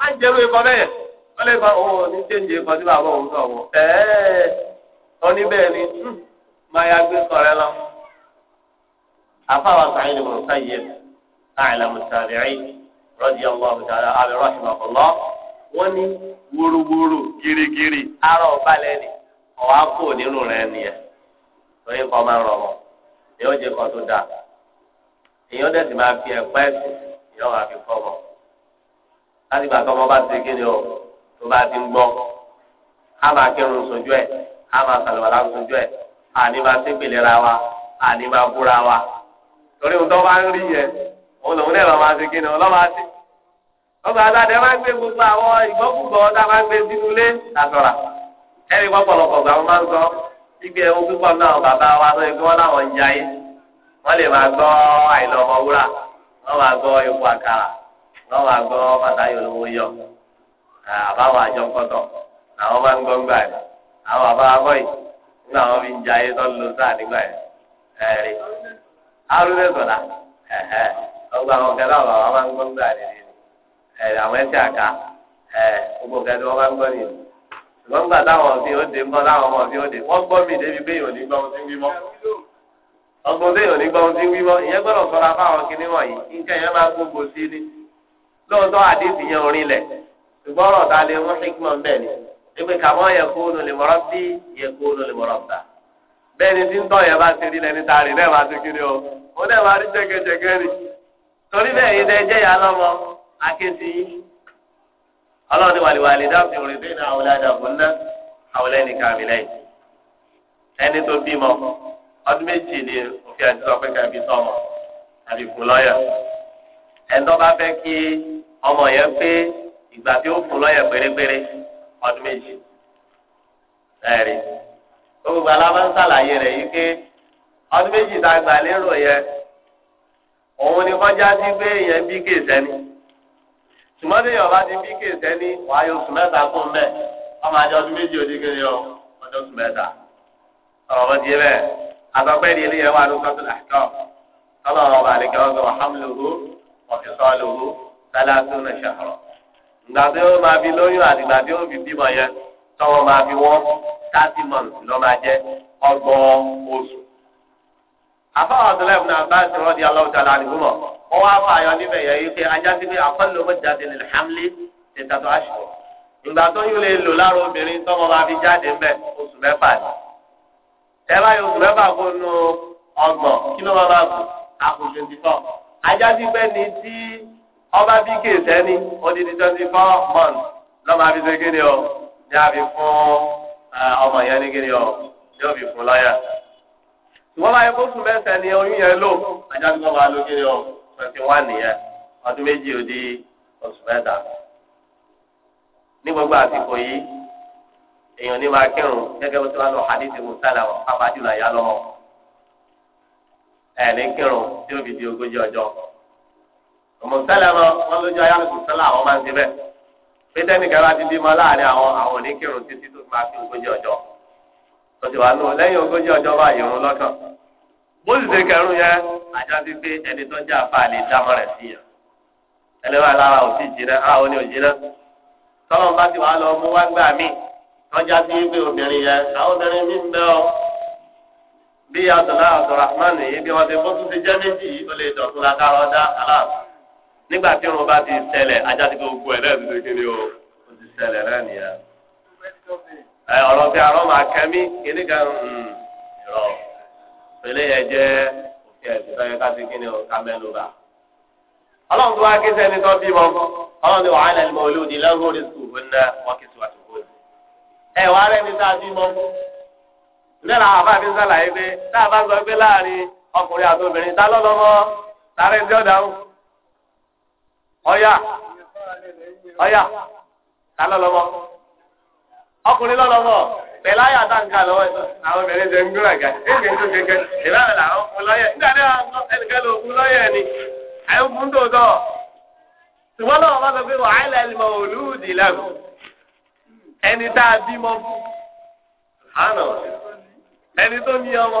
má jẹ́ wí kọ́ bẹ́ẹ̀ wọ́n lè fa ní jẹ́ǹjì kọ́ sí bàbá òun sọ̀ wọ́n ẹ̀ẹ́ ọní ni hmm, máa ya gbé sọ̀rọ̀ lọ. àfàwọn sàyìn ni mọ̀ọ́sá yẹ àìlà mùsàlẹ̀ rọ́jì ọgbọ́n mùsàlẹ̀ àbẹ̀rọ̀ àṣìmọ̀kọ̀lọ́ wọ́n ní wóróworó gírígírí ará ọ̀bálẹ̀ ni ọ̀wá kò nínú rẹ̀ nìyẹn torí jẹ́ kan tó dáa láti gbà tó ọmọ bá ti kéde o tó bá ti ń gbọ́ á máa kírun sójú ẹ̀ á máa sàlùwàlá sójú ẹ̀ àní máa ṣe gbèlera wa àní máa búra wa torí ohun tó bá ń rí yẹn òun lòun náà lọ́ọ́ máa ṣe kéde o lọ́ọ́ máa ṣe ọgbà aládé máa ń gbé gbogbo àwọn ìgbọ́kùgbọ́ tá a máa ń gbé sínú ilé àtọ̀rà ẹ̀rí pọ̀pọ̀lọpọ̀ gbà wọ́n máa ń sọ gbígbé ewu púpọ̀ náà bàbá wa lóye kí wọ́n láwọn ń jayé wọ́n lè máa gbọ́ àìlọ́mọ wúrà wọ́n máa gbọ́ epo àkàrà wọ́n máa gbọ́ bàtà yòlówó yọ àbáwọn àjọ kọ́tọ̀ àwọn máa ń gbọ́ gbà yìí àwọn bàbá abọ́ yìí nígbà wọn fi ń ja ayé tọ́lú sáà nígbà yìí ẹ̀rí arúgbó sọ̀dà ọgbà àwọn kẹlẹ́ àwọn bàbá máa ń gbọ́ gbà yìí ẹ̀rí àwọn ẹ̀sìn àká gbogbo kẹlẹ́ wọn máa ń gbọ́ nìyí ṣùgbọ́n gbà táwọn ọ̀sìn ó dé ńkọ́ táwọn ọmọ ọ̀sìn ó dé wọ́n gbọ́ mí lóòótọ́ àdéhùn yẹn orin lẹ̀ ṣùgbọ́n ọ̀rọ̀ ta lè mú hikmọ̀ ń bẹ̀ ni ìpè kàmọ́ yẹ kóònù lè mọ̀rọ̀ bí yẹ kóònù lè mọ̀rọ̀ ta bẹ́ẹ̀ ni tí ń tọ́ yẹn bá ti rí lẹ́ni taari náà máa ti kiri o ó náà máa rí jẹ́gẹ́jẹ́gẹ́ rì torí bẹ́ẹ̀ yìí dẹ́ jẹ́ yà lọ́mọ akéde yìí ọlọ́run wàlíwàlí dáàbò bẹ́ẹ̀ náà àwòlẹ́ àdàbò ńlá àwòlẹ́ nìkan àmì lẹ́yìn ẹni tó bímọ ọmọ yẹn pé ìgbà tí ó fún lọ́yẹ̀ pérépéré ọdún méjì ẹ̀rí gbogbo alábá ń sàlàyé rẹ̀ yìí pé ọdún méjì tá a gbà lérò òun ni kọjá sí pé èèyàn bí kéèsẹ́ ṣùgbọ́n tí bá ti bí kéèsẹ́ ni wàá oṣù mẹ́ta fún un bẹ́ẹ̀ ọmọ àjọ ọdún méjì ọ ọjọ́ oṣù mẹ́ta ọ̀rọ̀ bẹ́ẹ̀ àtọ́pẹ́ ni wà ló sọ́tún ọlọ́run ọba àlekẹ́ sálásí ọ̀nà ṣàkọrọ ìgbà tí ó máa fi lóyún àti ìgbà tí ó fi bímọ yẹn tọwọ́ máa fi wọ́n thirty months lọ́ máa jẹ́ ọgbọ̀n oṣù. àbáwọ̀ ọ̀dọ́lá ìbùnà bá ti rọ́ di aláwùjáde àdìgúnmọ̀ wọ́n wá fà yọ níbẹ̀ yẹ yí pé ajá sí pé àkọlùmọ́ jáde lè hàmlé ṣe tàtọ́ àṣọ. ìgbà tó yún lè lò lára obìnrin tọmọ máa fi jáde mbẹ oṣù mẹ́fà ni. ẹ báyìí oṣù mẹ́fà kó nu ọgbọ̀n kí ló máa máa kù àkùnjù ti ọba bí kéèsẹ́ ní odidi months lọ́mọ o ní àbí fún ọmọ yẹn ní kéde o ní òbí fún lọ́yà. ìwọ́n bá yẹ mẹ́sẹ̀ ni oyún yẹn lò ajá tí wọ́n bá lò kéde o twenty one nìyẹn ọdún méjì di oṣù mẹ́ta. ní gbogbo àsìkò yìí èèyàn ní máa kírun gẹ́gẹ́ bó ti wá lọ hadithi musala ẹ̀ ní kírun tí ó fi di ọmọọ̀sálàmọ wọn lójú ayé alùpùpùsálà àwọn máa ń ṣe bẹ́ẹ̀ pété nìkan bá ti mọ láàrin àwọn àwọn oníkírun títí tó máa fi ogójì ọjọ́ tọ́jú wa nù lẹ́yìn ogójì ọjọ́ bá bó sì ṣe kẹrù yẹn àjọ ti ẹni tó àfa sí yẹn lára jìnnà àwọn oní òjìnnà bá ti wà lọ mú wá gbà mí tọ́jà obìnrin ọ bí yìí bí wọ́n ti ti jẹ́ méjì ó nígbà tí irun bá ti okwu ajá ti gbogbo ẹ̀ lẹ́ẹ̀dúdú kiri o ó ti ṣẹlẹ̀ náà nìyẹn. ọ̀rọ̀ bí arọ́ máa kẹ́ mí kíní kan ìrọ̀ hmm, pẹ̀lẹ́ yẹn jẹ́ òfin ẹ̀sìn tó yẹ ká ti o tó wá kí tó mọ orí fún kí sùn ẹ tá a ọya ọya ta lọ́lọ́mọ ọkùnrin lọ́lọ́mọ pẹ̀lú àyà tá n kà lọ́wọ́ àwọn obìnrin ṣe ń gbúra gà ẹ̀jẹ̀ tó kẹ̀kẹ́ ìlànà làwọn fún lọ́yẹ̀ nígbà tí wọn ẹnìkan lò fún lọ́yẹ̀ ni àyè fún tòótọ́ ṣùgbọ́n náà wọ́n sọ pé wà á lẹ́ ẹ̀lìmọ̀ olùdí lẹ́nu ẹni tá a bímọ fún àná ẹni tó ní ọmọ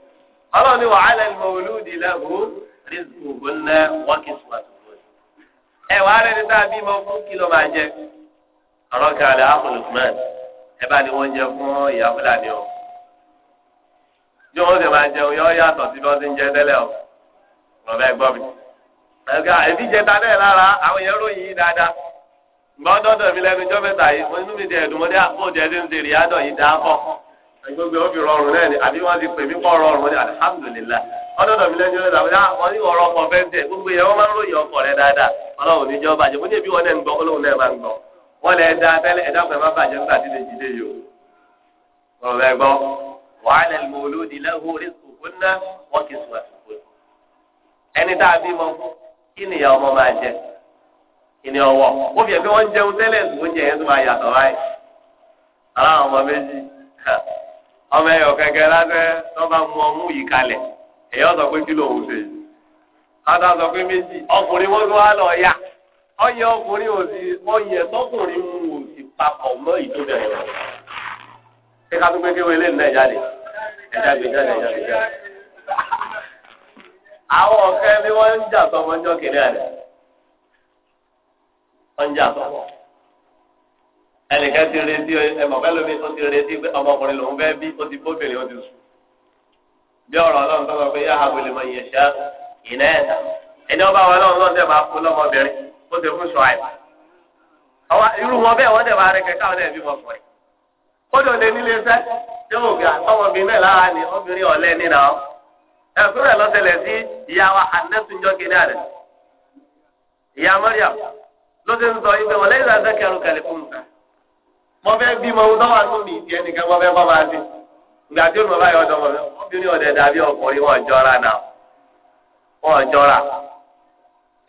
ọlọ́run ní wàhálà ìmọ̀ olóòdì lẹ́hu rìsíkù gbóná wọ́kìsì wàtúwò. ẹ wàá rẹ ní sáà bímọ fún kìlọ̀ máa jẹ. ọ̀rọ̀ kàlẹ́ ahùnùkùnmán ẹ bá ní wọ́n jẹ fún ìyá fúlàní o. bí wọ́n sì máa jẹun yọ yàtọ̀ sí bí wọ́n ti ń jẹ tẹ́lẹ̀ o. bàbá ẹ gbọ́ mi. ẹ̀ka ẹ̀bí jẹ ta náà lára àwọn èèyàn ròyìn yìí dáadáa. gbọ́dọ̀ dọ̀mí mi dẹ̀ ẹ̀dùn gbogbo ọbì rọrùn náà ni àbí wọn ti pè mí kọ rọrùn ah, ní alihamudulila ọdọdọ mi lẹjọ lẹta wọn wọn ní ọ̀rọ̀ ọkọ fẹẹ tẹ gbogbo yẹn wọn máa ń ròyìn ọkọ rẹ dáadáa Ọlọ́run níjọ bàjẹ́ bó débi wọn náà ń gbọ́ Ọlọ́run náà máa ń gbọ́ wọn lẹ da tẹ́lẹ̀ ẹ̀dá pẹ máa bàjẹ́ nígbà tí lè jíde yìí o ọ̀rọ̀ ẹ gbọ́ wàhálà ìmọlódì lẹhùn orí sùkún ọmọ ẹyọ kẹkẹ lásẹ tọba mú ọmú yìí kalẹ̀ èyí ọsọ pé kí lòun ṣe kátà sọ pé méjì ọkùnrin wọn tó wá lọ yá ọyẹ ọkùnrin òsì ọyẹ tọkùnrin mu òsì ṣé ká pé àwọn wọ́n ń jà kìnìún ẹnìkan ti retí ẹmọ pẹlúmi ó ti retí pé ọmọkùnrin lòún fẹ́ bí ó ti bóbìnrin ó ti sùn bí ọ̀rọ̀ Ọlọ́run tó sọ pé yá abúlé mọ ìyẹn ṣá ìná ẹdá ẹni ọba wa Ọlọ́run náà dẹ máa fún lọ́mọbìnrin ó ti fún ṣọàì àwọn irú wọn bẹ́ẹ̀ wọn dẹ máa rẹ kẹkẹ àwọn ẹbí wọn fún ẹ kódò lè nílé iṣẹ́ tí mo gbà ọmọbìnrin náà lára ni obìnrin ọ̀lẹ nínà ọ ẹkún lọtẹlẹ sí ìyá wa anẹtúnjọ kiri àrẹ ìyá Maryam ló ti ń sọ ibẹ̀ kẹlẹ fún mi mo fẹ́ bí mo tọ́wọ́ àtúndì ìdí ẹnìkan mo fẹ́ kọ́ máa ti ìgbà tí olùmọ̀ báyọ̀ ọ̀dọ́ mọ̀ obìnrin ọ̀dẹ̀ dàbí ọkùnrin wọn jọra náà wọn jọra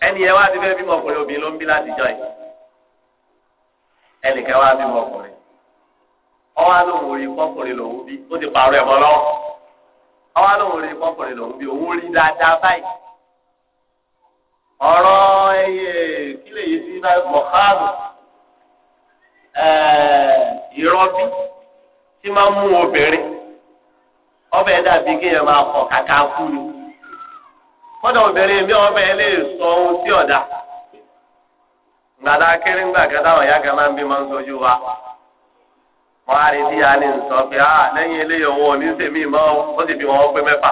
ẹni yẹn wá ti fẹ́ bímọ ọkùnrin obìnrin ló ń bí láti jọ yìí ẹnìkan wá bímọ ọkùnrin ọwọ́ àlóhùn orí kọ́kùnrin lòún bí ó ti pààrọ̀ ẹ̀mọ́ lọ́wọ́ ọwọ́ àlóhùn orí kọ́kùnrin lòún bí òun rí dáadáa báyìí ọ̀rọ̀ ẹyẹ kílè yìí sí ìrọbí eh, tí máa ń mú obìnrin ọbẹ̀ dàbí kéèyàn máa kọ̀ kàkà kú ni kódà obìnrin mi ọbẹ̀ lè sọ ohun tí ọ̀dà gbàdá kéré ńgbà kan táwọn ìyá kan máa ń bí máa ń sojú wa wọn á rí díya pé ah, lẹ́yìn eléyìí ní sèmi mọ́ ó sì pé mẹ́fà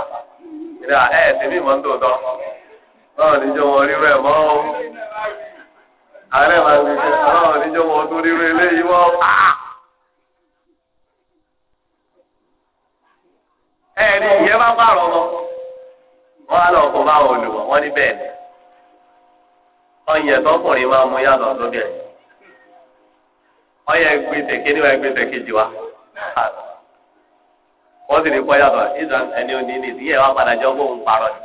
sèmi eh, mọ́ ń ààrẹ máa ń gbèsè ọlọ́run níjọba ọdún rírun eléyìí wọ́n pa. ẹ bá pààrọ̀ lọ wọ́n á lọ wọ́n ní bẹ́ẹ̀ ni ọyẹ tọkùnrin máa mú yàtọ̀ lóbẹ̀ ọyẹ gbèsè kéde wa gbèsè kejì wa wọ́n sì ní kọ́ yàtọ̀ ẹni ní ìdíyẹ wa padà jọ bóun parọ́ ni.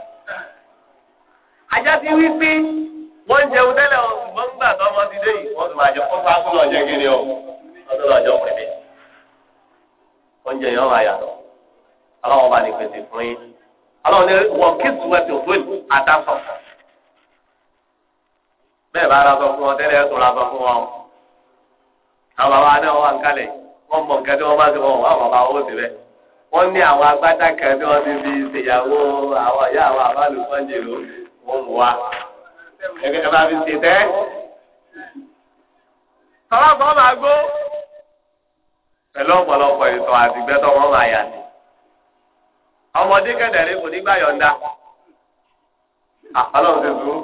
wọ́n ń jẹun tẹ́lẹ̀ o ṣùgbọ́n gbà tó ọmọ ti dé yìí wọ́n tún àjọ fún fáfún náà jẹ́ kiri o wọ́n tún àjọ pèmí. oúnjẹ yẹn wà yàtọ̀ aláwọ̀ bá ní pèsè fún yín aláwọ̀ ní wọ́n kíkù wẹ̀ tó fún àtàkọ. bẹ́ẹ̀ bá ara sọ fún wọn tẹ́lẹ̀ ẹ̀sùn ra sọ fún wọn. àwọn bàbá náà wà ń kalẹ̀ wọ́n mọ̀ nǹkan tí wọ́n bá ti wọ̀ wọ́n bàbá owó ti rẹ̀ wọ́n ní àwọn agbádá tí wọ́n ti fi ṣèyàwó àwọn ìyá àwọn àbálùfọ́njì ló ń wá ẹgbẹ́ ẹ bá fi ṣe tẹ́. Tọ́lá kan máa gbó. Pẹ̀lú ọ̀pọ̀lọpọ̀ ìtọ̀ àtìgbẹ́ tó wọ́n máa yà sí. Ọmọdé kẹ̀dẹ̀rẹ́ kò ní gbà yọ̀ǹda. Àlọ́ ti sùn.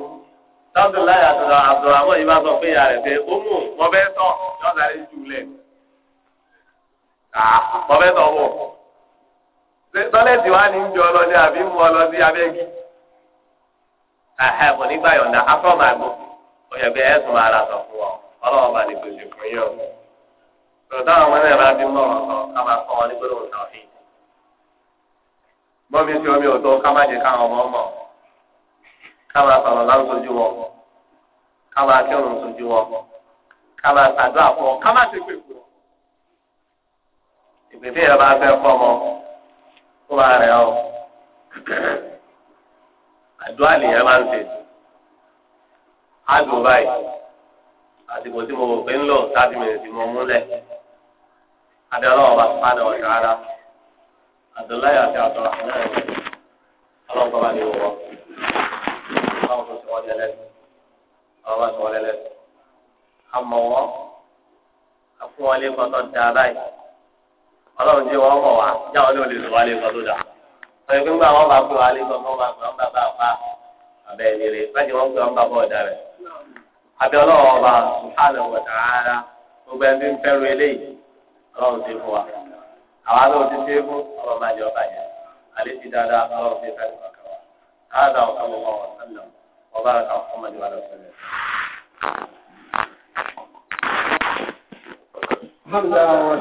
Sábdùláyà àtọ̀dọ̀ Abdulrahman yìí bá sọ pé ìyá rẹ̀ pé ó mú wọn bẹ́ẹ̀ tọ̀ yọ̀ǹda rẹ̀ jù lẹ̀. Àà wọn bẹ́ẹ̀ tọ̀ wọ̀. Tọ́lẹ̀tì wa ní ń jọ ọlọ́dẹ àbí mú ọlọ́dẹ abẹ́gi. ẹ̀hẹ́ kò yọ̀ǹda afọ́ máa gbó oyè bí ẹ̀ máa ra sọ fún ọ ọlọ́wọ́ bá lè gbèsè fún yín o. sọ̀rọ̀ táwọn bá ti ń sọ ká máa kọ́ wọn ní gbólóhùn tàwí. bọ́ọ̀mì tí omi ò ká má jẹ káwọn ọmọ mọ̀ ká máa sọ̀rọ̀ láń wọn ká máa kírun sojú wọn ká máa ká má ti pè àdúrà nìyẹn máa ń ṣe àdùn báyìí àsìkò tí mo rò pé ń lò thirty minutes mo múlẹ̀ adéọlọ́ ọba sùpánà ọ̀ṣọ́ ara àdúláyà àti àtọ̀ àmọ́ ọlọ́nkọ́ bá ní wọ́wọ́ ọlọ́nkọ́ tó sọ wọlé lẹ́sìn ọlọ́nkọ́ tó wọlé lẹ́sìn àmọ́ wọ́n àfún wọlé kọ́tọ́ dáa báyìí ọlọ́run jẹ́ wọ́n mọ̀ wá jáwọ́ ní olè lọ́wọ́ lé kọ́tọ́ dáa ọ̀yọ́ pé ńgbà wọn bá pè wá lé gbọ́n wọn bá pè wọn bá bá pa abẹ́ ìrere láti wọn pè wọn bá bọ̀ ọ̀dà rẹ̀. abẹ́ ọlọ́wọ́ ọba sùhánù wọ̀tà ara gbogbo ẹni ń fẹ́ràn eléyìí ọlọ́run ti fún wa àwa náà ti ṣe é fún ọlọ́run máa jẹ ọba yẹn alẹ́ ti dáadáa ọlọ́run ti fẹ́ràn kankan wa káàdà ọ̀sán